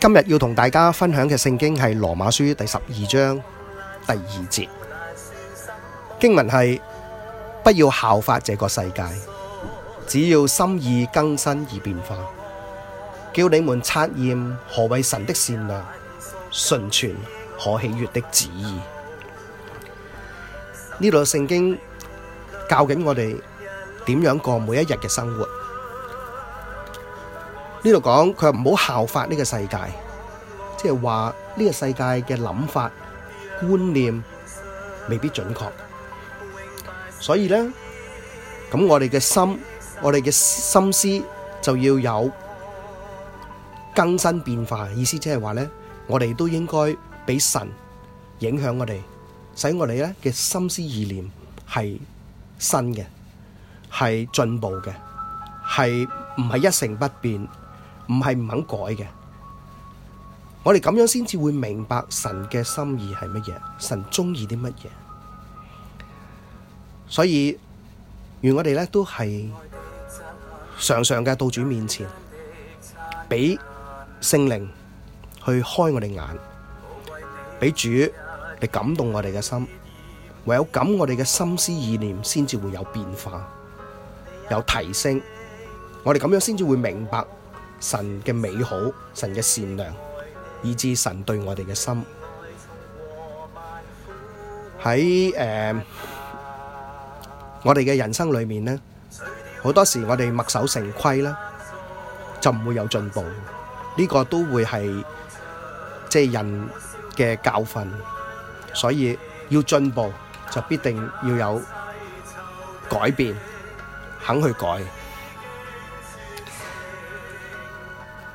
今日要同大家分享嘅聖經係羅馬書第十二章第二節。經文係：不要效法這個世界，只要心意更新而變化，叫你們察驗何為神的善良、純全、可喜悅的旨意。呢度嘅聖經教緊我哋點樣過每一日嘅生活。呢度講佢話唔好效法呢個世界，即係話呢個世界嘅諗法觀念未必準確，所以呢，咁我哋嘅心，我哋嘅心思就要有更新變化。意思即係話呢，我哋都應該俾神影響我哋，使我哋呢嘅心思意念係新嘅，係進步嘅，係唔係一成不變，唔係唔肯改嘅，我哋咁樣先至會明白神嘅心意係乜嘢，神中意啲乜嘢，所以願我哋咧都係常常嘅到主面前，畀聖靈去開我哋眼，畀主嚟感動我哋嘅心，唯有咁我哋嘅心思意念先至會有變化，有提升，我哋咁樣先至會明白。神嘅美好，神嘅善良，以致神對我哋嘅心，喺誒，我哋嘅人生裏面咧，好多時我哋墨守成規咧，就唔會有進步。呢個都會係即係人嘅教訓，所以要進步就必定要有改變，肯去改。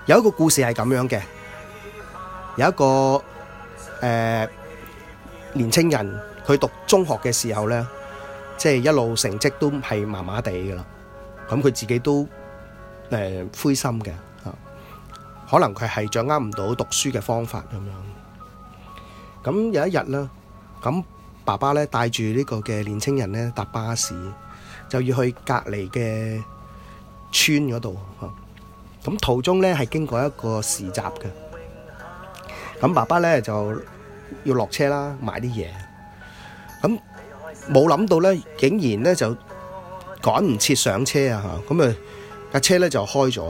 有一個故事係咁樣嘅，有一個誒年青人，佢讀中學嘅時候呢，即係一路成績都係麻麻地噶啦，咁佢自己都誒灰心嘅吓，可能佢係掌握唔到讀書嘅方法咁樣。咁有一日呢，咁爸爸呢帶住呢個嘅年青人呢搭巴士，就要去隔籬嘅村嗰度吓。咁途中咧係經過一個市集嘅，咁爸爸咧就要落車啦，買啲嘢。咁冇諗到咧，竟然咧就趕唔切上車啊！吓，咁啊架車咧就開咗，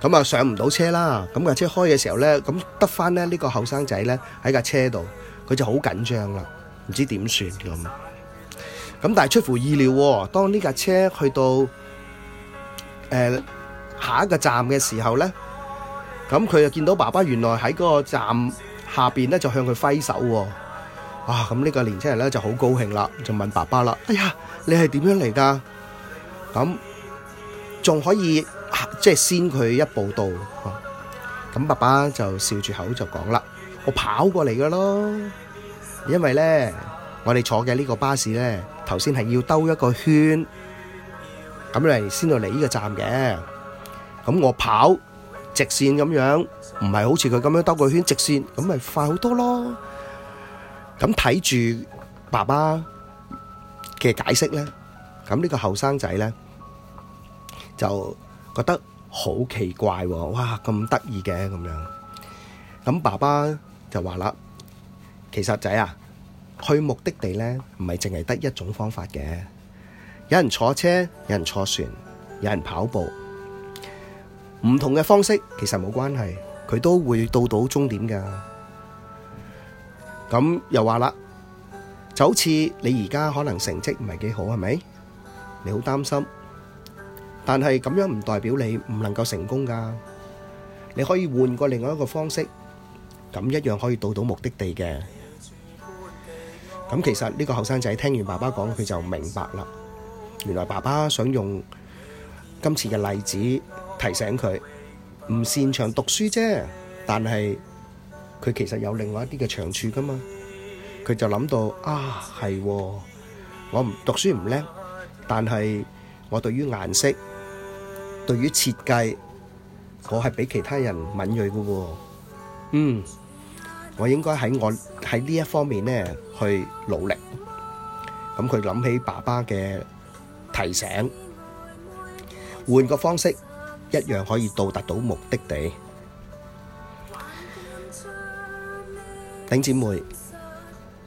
咁啊上唔到車啦。咁架車開嘅時候咧，咁得返咧呢個後生仔咧喺架車度，佢就好緊張啦，唔知點算咁。咁但係出乎意料喎，當呢架車去到誒。下一個站嘅時候咧，咁佢就見到爸爸原來喺嗰個站下邊咧就向佢揮手喎、哦。哇、啊！咁呢個年輕人咧就好高興啦，就問爸爸啦：，哎呀，你係點樣嚟噶？咁仲可以即係、啊就是、先佢一步到。咁、啊、爸爸就笑住口就講啦：，我跑過嚟噶咯，因為咧我哋坐嘅呢個巴士咧頭先係要兜一個圈，咁你嚟先到嚟呢個站嘅。咁我跑直線咁樣，唔係好似佢咁樣兜個圈直線，咁咪快好多咯。咁睇住爸爸嘅解釋咧，咁呢個後生仔咧就覺得好奇怪喎，哇咁得意嘅咁樣。咁爸爸就話啦，其實仔啊，去目的地咧唔係淨係得一種方法嘅，有人坐車，有人坐船，有人跑步。唔同嘅方式其實冇關係，佢都會到到終點噶。咁又話啦，就好似你而家可能成績唔係幾好，係咪？你好擔心，但係咁樣唔代表你唔能夠成功噶。你可以換過另外一個方式，咁一樣可以到到目的地嘅。咁其實呢個後生仔聽完爸爸講，佢就明白啦。原來爸爸想用。今次嘅例子提醒佢唔擅長讀書啫，但係佢其實有另外一啲嘅長處噶嘛。佢就諗到啊，係我唔讀書唔叻，但係我對於顏色、對於設計，我係比其他人敏鋭嘅喎。嗯，我應該喺我喺呢一方面呢去努力。咁佢諗起爸爸嘅提醒。換個方式，一樣可以到達到目的地。頂姐妹，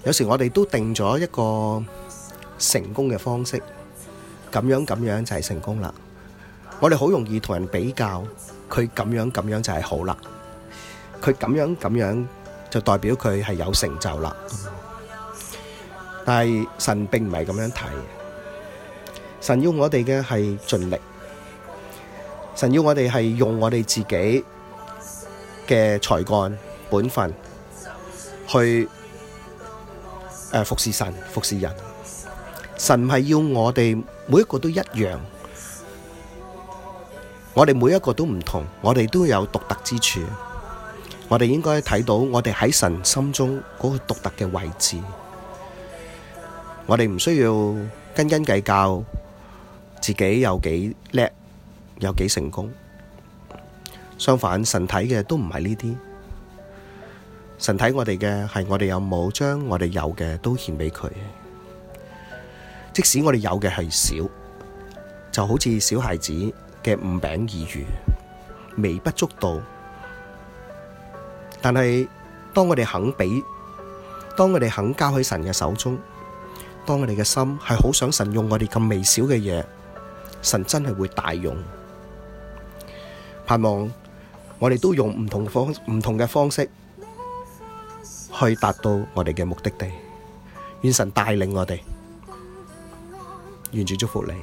有時我哋都定咗一個成功嘅方式，咁樣咁樣就係成功啦。我哋好容易同人比較，佢咁樣咁樣就係好啦，佢咁樣咁樣就代表佢係有成就啦。但係神並唔係咁樣睇，神要我哋嘅係盡力。神要我哋係用我哋自己嘅才幹、本分去誒服侍神、服侍人。神係要我哋每一個都一樣，我哋每一個都唔同，我哋都有獨特之處。我哋應該睇到我哋喺神心中嗰個獨特嘅位置。我哋唔需要斤斤計較，自己有幾叻，有幾成功？相反，神睇嘅都唔係呢啲，神睇我哋嘅係我哋有冇將我哋有嘅都獻俾佢。即使我哋有嘅係少，就好似小孩子嘅五餅二魚，微不足道。但係當我哋肯俾，當我哋肯交喺神嘅手中，當我哋嘅心係好想神用我哋咁微小嘅嘢，神真係會大用。盼望我哋都用唔同方唔同嘅方式去達到我哋嘅目的地，願神帶領我哋，完全祝福你。